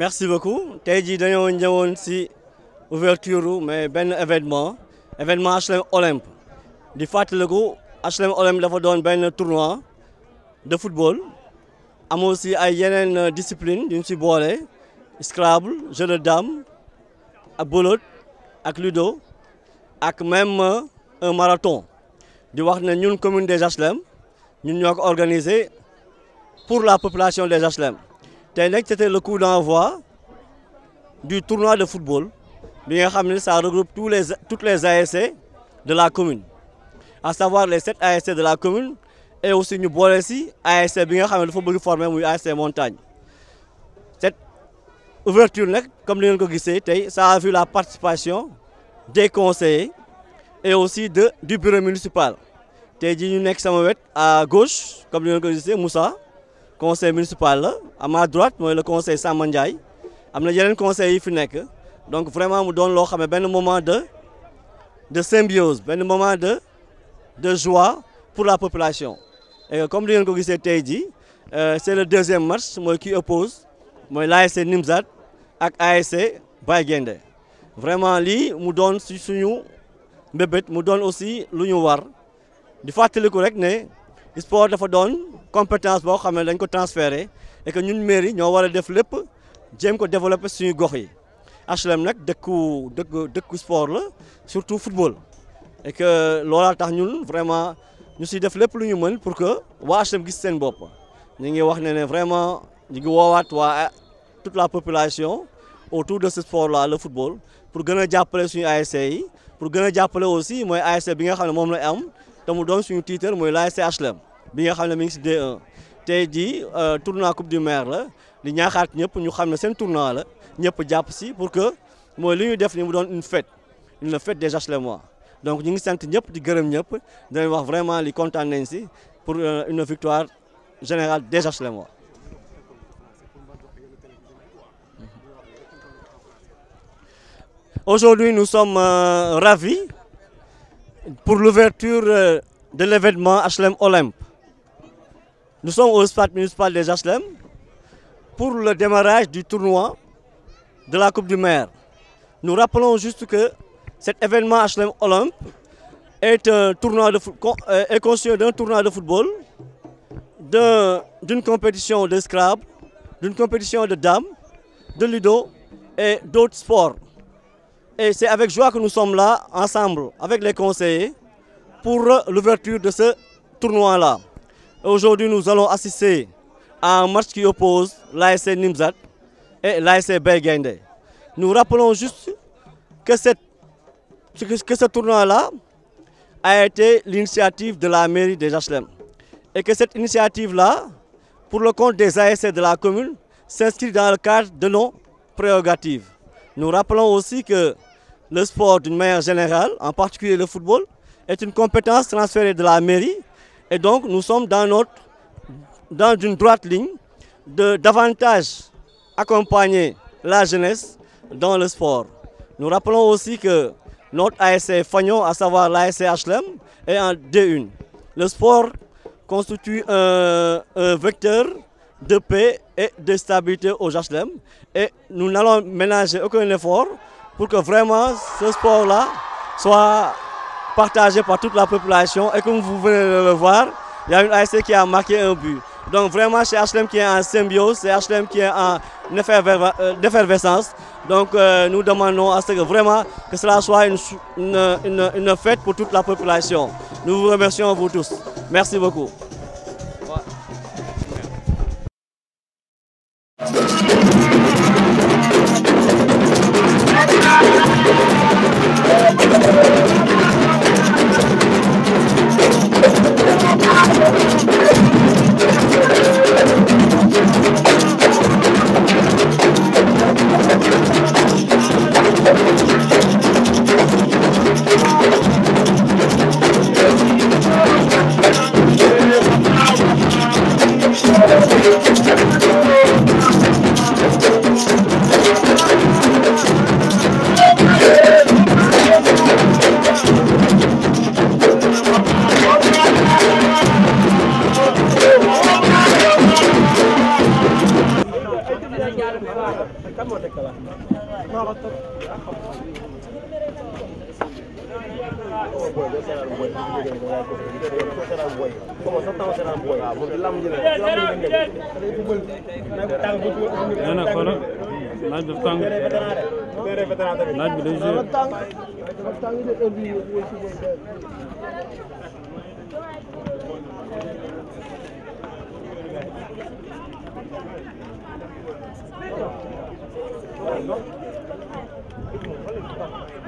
merci beaucoup tey jii dañoo ñëwoon ci ouverture mais ben événement événement HLM Olympe di fait, HLM Olympe dafa doon bon tournoi de football am aussi ay yenen discipline yu ñu si Scrabble jeu de dames à boulot, ak ludo ak même un euh, marathon di wax ne ñun commune des HLM nous nous organisé pour la population des HLM c'était le coup d'envoi du tournoi de football ça regroupe tous les toutes les ASC de la commune à savoir les 7 ASC de la commune et aussi nous avons ici ASC bi nga le football ASC montagne cette ouverture comme vous le ko ça a vu la participation des conseillers et aussi de du bureau municipal Nous sommes à gauche comme vous le ko Moussa conseil municipal à ma droite moi le conseil Samandjay amna yenen conseil yi fi donc vraiment mu donnons un moment de de symbiose un moment de de joie pour la population et comme le ngeen gissé tay euh, c'est le deuxième match moi qui oppose moi l'ASC Nimzat ak ASC Baygende vraiment nous mu donne suñu mbébét mu donne aussi luñu war di c'est rek sport dafa doon compétence boo xam ne dañ ko transféré et que ñun mairie ñoo war a def lépp jéem ko développer suñu gox yi HLM nag dëkku dëkk dëkku sport la surtout football et que loolaa tax ñun vraiment ñu siy def lépp lu ñu mën pour que waa HLM gis seen bopp ñu ngi wax ne ne vraiment ñu ngi woowaat waa toute la population autour de ce sport là le football pour gën a jàppale suñu ASC yi pour gën a jàppale aussi mooy ASC bi nga xam ne moom la am te mu doon suñu titre mooy l'ASC HLM bi nga xam mi ngi D1 tey jii euh, tournoi coupe du maire la di ñaaxaat ñëpp ñu xam ne tournoi la ñëpp pour que moi li ñuy def ni une fête une fête des HLM donc nous sommes sant les di gërëm ñëpp dañ wax vraiment li contents nañ pour euh, une victoire générale des HLM. Mm-hmm. Aujourd'hui, nous sommes euh, ravis pour l'ouverture de l'événement HLM Olympe. Nous sommes au stade municipal des HLM pour le démarrage du tournoi de la Coupe du Maire. Nous rappelons juste que cet événement HLM Olympe est, un tournoi de, euh, est d'un tournoi de football, d'une compétition de scrap d'une compétition de dames, de ludo et d'autres sports. Et c'est avec joie que nous sommes là, ensemble, avec les conseillers, pour l'ouverture de ce tournoi-là. Aujourd'hui, nous allons assister à un match qui oppose l'ASC Nimzat et l'ASC Belgende. Nous rappelons juste que, ce tournoi-là a été l'initiative de la mairie des HLM. Et que cette initiative-là, pour le compte des ASC de la commune, s'inscrit dans le cadre de nos prérogatives. Nous rappelons aussi que le sport d'une manière générale, en particulier le football, est une compétence transférée de la mairie et donc nous sommes dans, une droite ligne de davantage accompagner la jeunesse dans le sport. Nous rappelons aussi que notre ASC Fagnon, à savoir l'ASC HLM, est en D1. Le sport constitue un, vecteur de paix et de stabilité aux HLM et nous n'allons ménager aucun effort pour que vraiment ce sport-là soit partagé par toute la population. Et comme vous venez de le voir, il y a une ASC qui a marqué un but. Donc vraiment, c'est HLM qui est en symbiose, c'est HLM qui est en euh, effervescence. Donc euh, nous demandons à ce que vraiment que cela soit une, une fête pour toute la population. Nous vous remercions vous tous. Merci beaucoup. nee na xoolal naaj bi tàng naaj bi day joué. Thank you.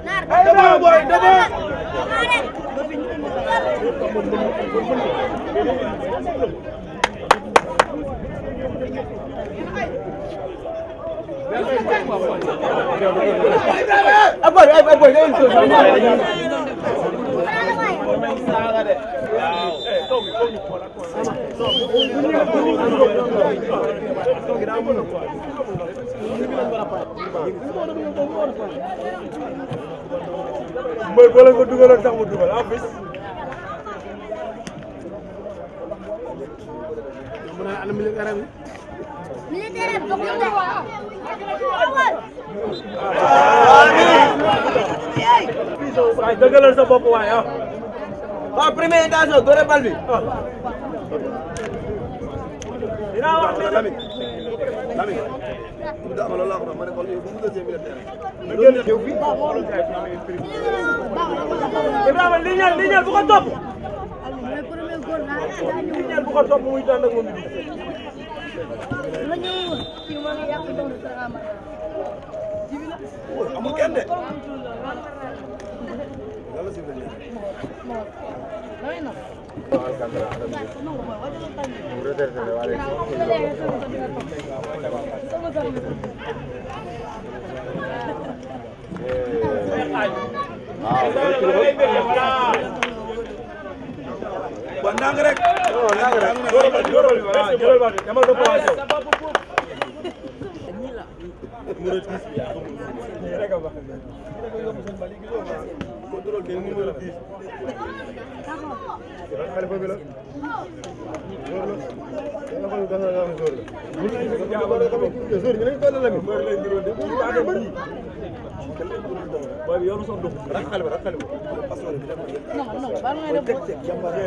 dama boy dama aboy aboy day so Wow. mooy boo leen ko dugaloon mu dugal en plus. mu ne ana militaire bi. militaire bi bokk na de. waaw dëggalal sa bopp waay ah. waaw première intention dóore bal bi. Ah. dinaa wax ne Ibrahima li ñaan li ñaan bu ko topp. li ñaan bu ko topp muy tànn ak moom bi. amul kenn nang rek nang rek nang rek xalifa bi la góor la da nga xam ne am góor la góor la xam góor ñu nañ toll la mi góor lay ndiroo de góor yaa bëri waaye yoonu sax dox rak xalifa rak xalifa non non ba nga def tek tek jàmbaar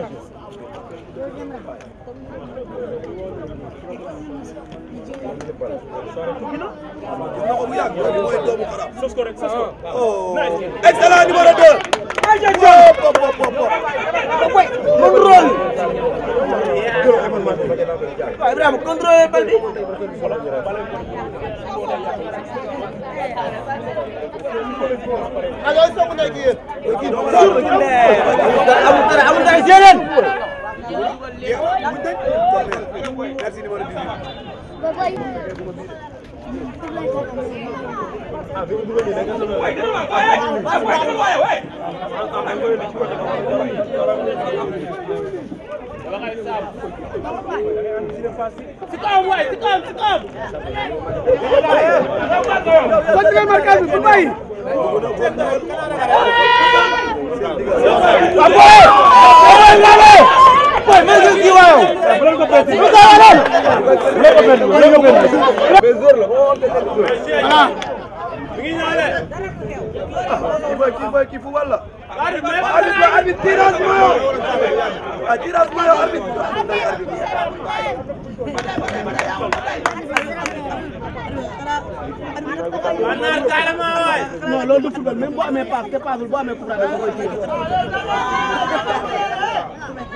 sos ko rek sos ko excellent numéro 2 contrôle waaw Ibrahima contrôle bal bi ay soog na ki yéen amul dara amul dara séeréer merci numéro 18 Continue marcando, tudo bem? Agora! Agora! mesure waaw bu leen ko perte bu leen ko perte bu leen ko perte. mais jour la boo xamante ne voilà. mi ngi ñaale. kii mooy kii mooy kii fu wàll la. arbitre arbitre tirage maillot. ah tirage maillot arbitre. Anar Kalema waay. non loolu du football même boo amee paas te paasul boo amee courage da nga koy tiir.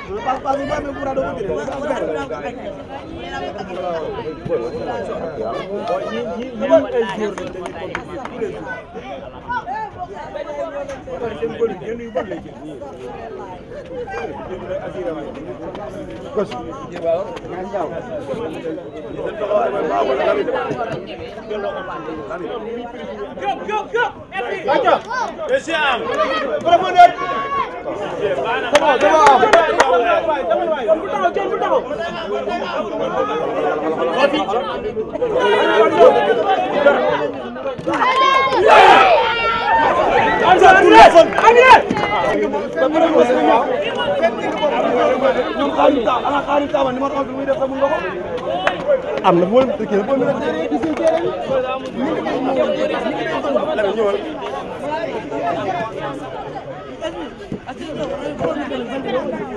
No pas juga ambil no Pues, llevador. Proponer. Come on, come on. Yeah! am na a kii a ñëwal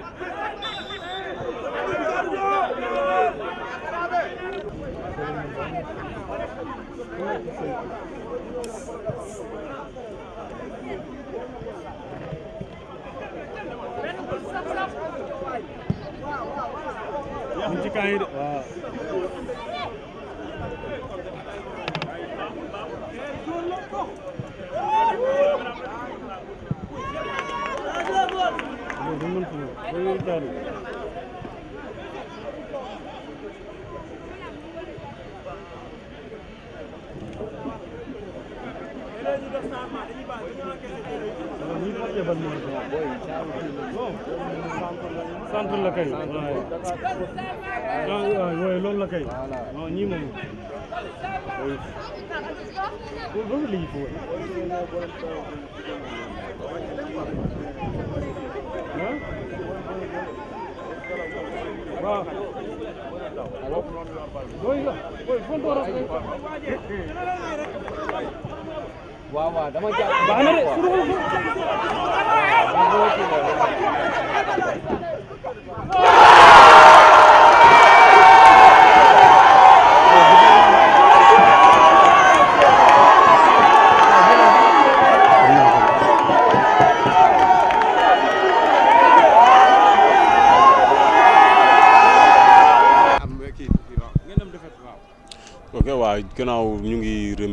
Africain yi de waaw. Thank you. sant la kay waaw waaw loolu la kay non ñii moom loolu la ñuy fi woon waaw waaw waaw dama jàpp baax na de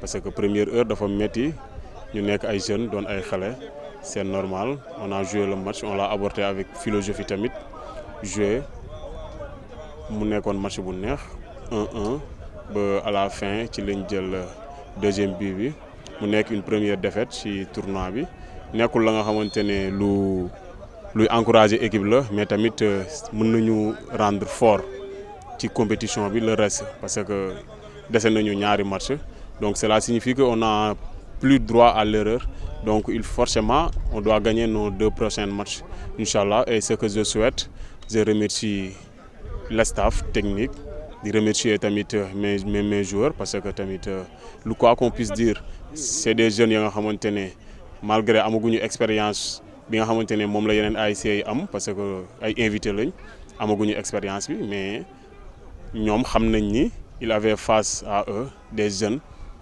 parce que première heure dafa sommes ñu nekk ay jeunes doon ay c'est normal on a joué le match on l'a abordé avec philosophie tamit joué mu nekkoon match bu 1-1 à la fin ci lañ jël deuxième but bi mu nekk une première défaite ci tournoi bi nekkul la nga xamante ne lu luy encourager équipe la mais tamit euh, mën rendre fort ci compétition le reste parce que dese nañu ñaari match donc cela signifie qu'on n'a plus droit à l'erreur. Donc il, forcément, on doit gagner nos deux prochains matchs, Inch'Allah. Et ce que je souhaite, je remercie la staff technique, je remercie euh, mes, mes, mes joueurs parce que tamit, euh, le quoi qu'on puisse dire, c'est des jeunes qui ont malgré amaguñu expérience bi nga xamante ne la am parce que ay invité lañ expérience mais ils xam ni il face à eux des jeunes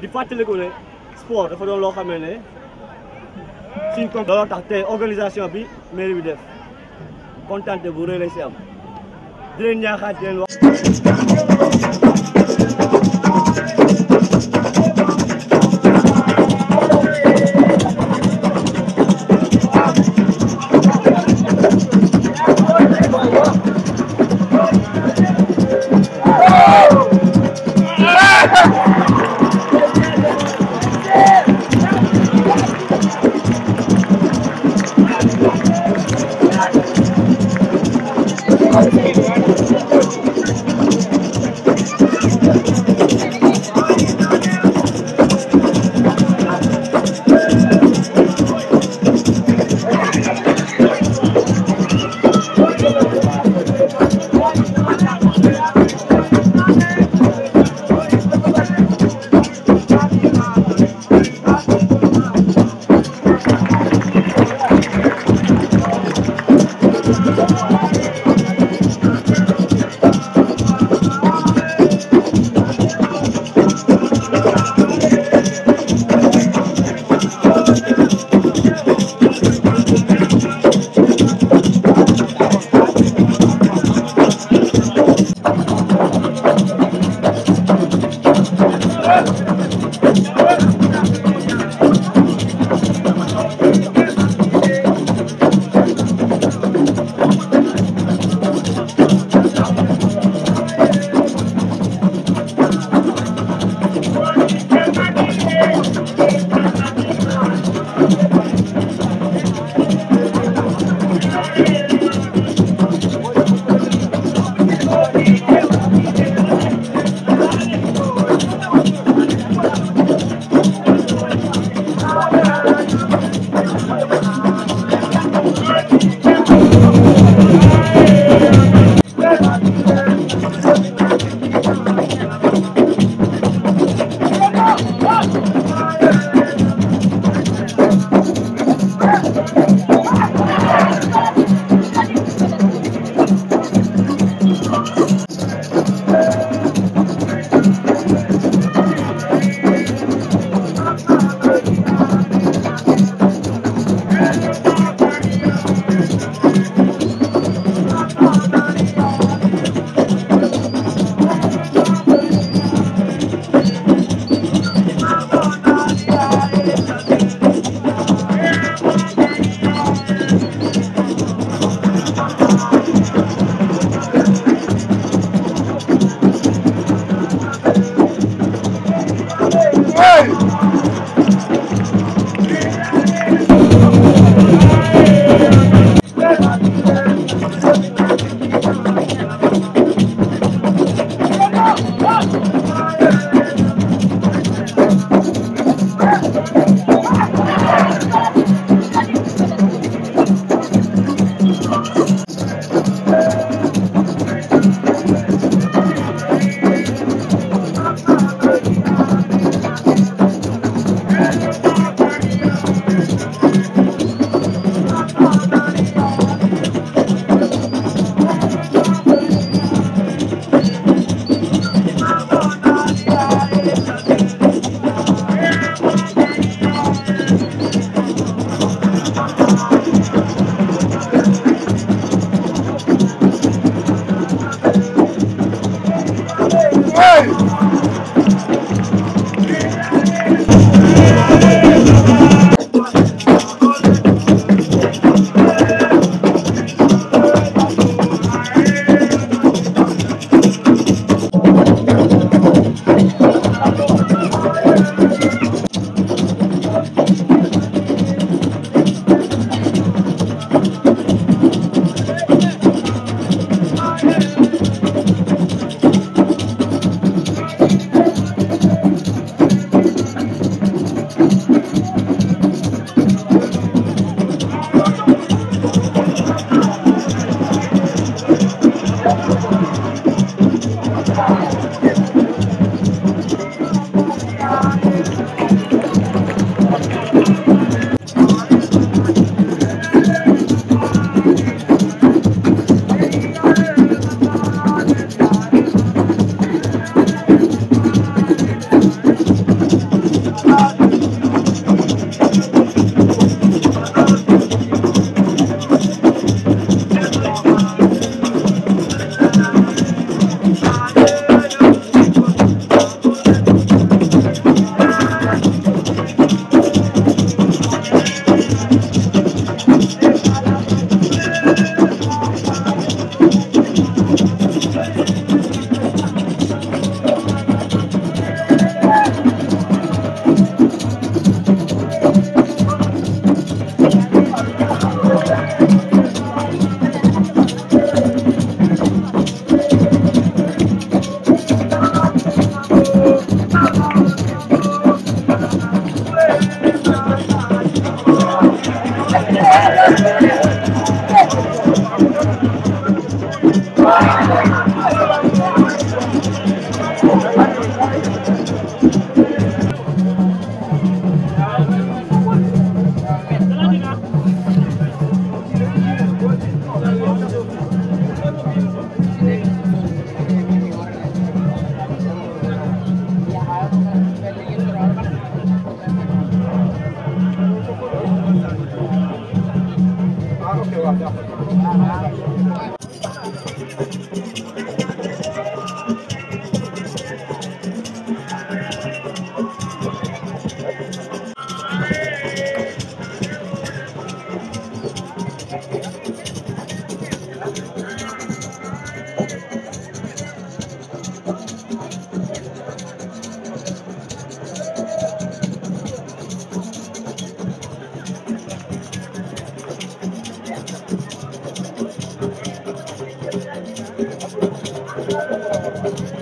di fàttaliku ne sport dafa doon loo xamee ne suñ ko tax tey organisation bi mairie bi def kontaan bu rëy lañ si am di leen ñaaxaat di Thank you.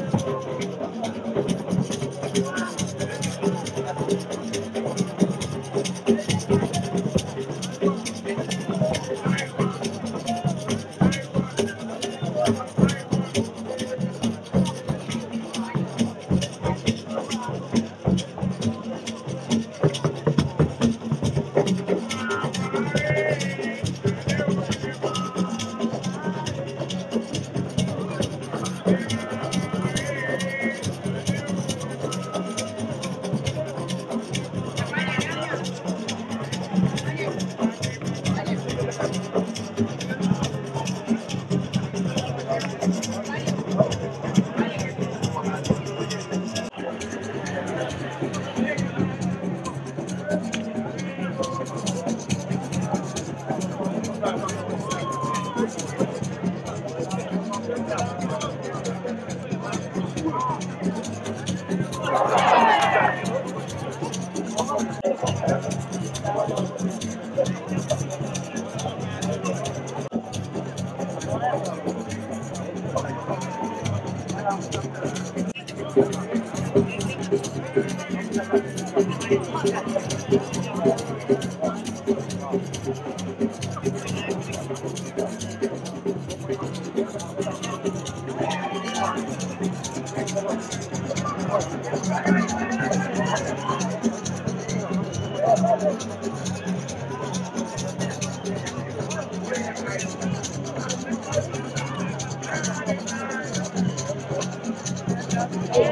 waaw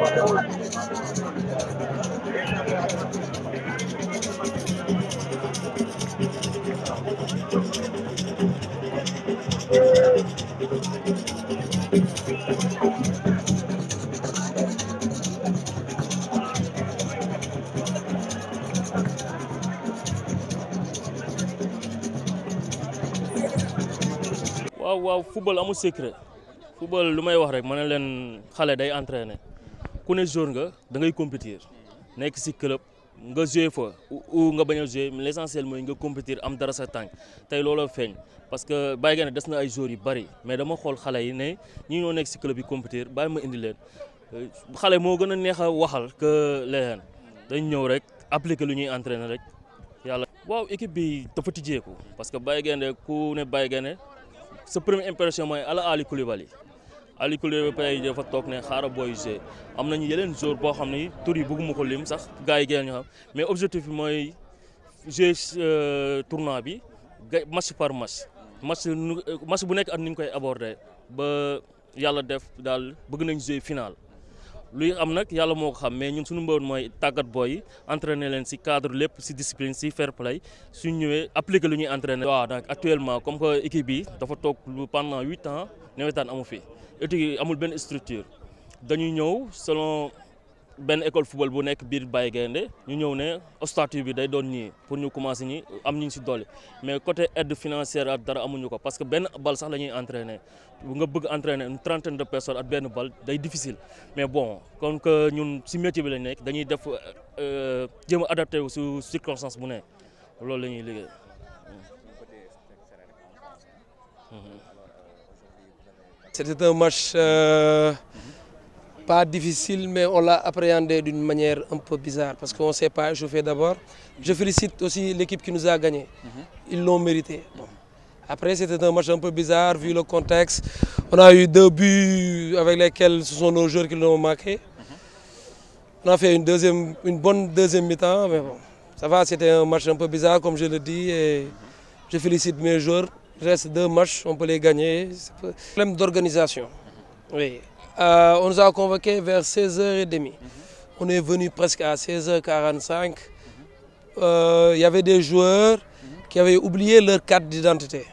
waaw football amul secret football lu may wax rek ma ne leen day entraîner ku ne joueur nga da ngay compétir nekk si club nga joué fa nga bañ a joué l' nga compétir am dara sa tànk tey looloo feeñ parce que bàyyi nga ne des na ay joueurs yu bari mais dama xool xale yi ne ñu ñoo nekk si club yi compétir bàyyi ma indi leen euh, xale moo gën a neex a waxal que leneen dañ ñëw rek appliquer lu ñuy entraîner rek yàlla. waaw équipe bi dafa tijjeeku parce que Baye Gaynde ku ne Baye Gaynde sa première impression mooy Ala Ali Koulibaly Aliou Koulé ba pare dafa toog am nañu yeneen jour boo xam ne tur yi bëgguma ko lim sax gars yi gën ñu xam mais objectif bi mooy jouer euh, tournoi bi match par match match match bu nekk ak ni ñu koy aborder ba yàlla def daal bëgg nañ jouer final. luy am nag yàlla moo ko xam mais ñun suñu mbawoon mooy tàggat booy yi leen si cadre lépp si discipline si fair play suñ ñëwee appliquer lu ñuy entraîner. waaw donc actuellement comme que équipe bi dafa toog lu pendant huit nawetaan amu fi études yi amul benn structure dañuy ñëw selon benn école football bu nekk biir Baye Gaynde ñu ñëw ne statut bi day doon ñii pour ñu commencer ñi am ñu si doole mais côté aide financière ak dara amuñu ko parce que benn bal sax la ñuy entraîner nga bëgg entraîner une trentaine de personnes ak benn bal day difficile mais bon comme que ñun si métier bi lañ nekk dañuy def euh, jéem a adapté wu su circonstance bu ne loolu la ñuy liggéey. Hmm. Hmm. C'était un match euh, pas difficile, mais on l'a appréhendé d'une manière un peu bizarre parce qu'on ne sait pas je fais d'abord. Je félicite aussi l'équipe qui nous a gagné. Ils l'ont mérité. Après, c'était un match un peu bizarre vu le contexte. On a eu deux buts avec lesquels ce sont nos joueurs qui l'ont marqué. On a fait une, deuxième, une bonne deuxième mi-temps, mais bon, ça va, c'était un match un peu bizarre, comme je le dis. Et je félicite mes joueurs il reste deux matchs, on peut les gagner. problème d'organisation. Mhm. Oui. Euh, on nous a convoqués vers 16h30. Mhm. On est venu presque à 16h45. Il euh, y avait des joueurs mhm. qui avaient oublié leur carte d'identité.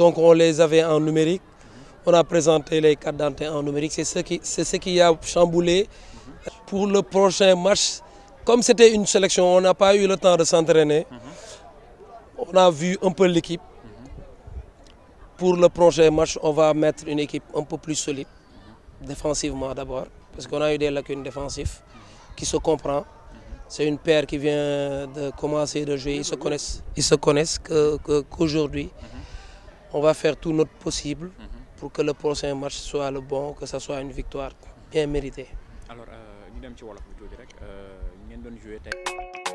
Donc on les avait en numérique. On a présenté les cartes d'identité en numérique. C'est ce, qui, ce qui a chamboulé. Pour le prochain match, comme c'était une sélection, on n'a pas eu le temps de s'entraîner. On a vu un peu l'équipe. Pour le prochain match, on va mettre une équipe un peu plus solide, défensivement d'abord, parce qu'on a eu des lacunes défensives qui se comprend. C'est une paire qui vient de commencer de jouer, ils se connaissent, ils se connaissent qu'aujourd'hui. on va faire tout notre possible pour que le prochain match soit le bon, que ce soit une victoire bien méritée. Alors, euh, euh, nous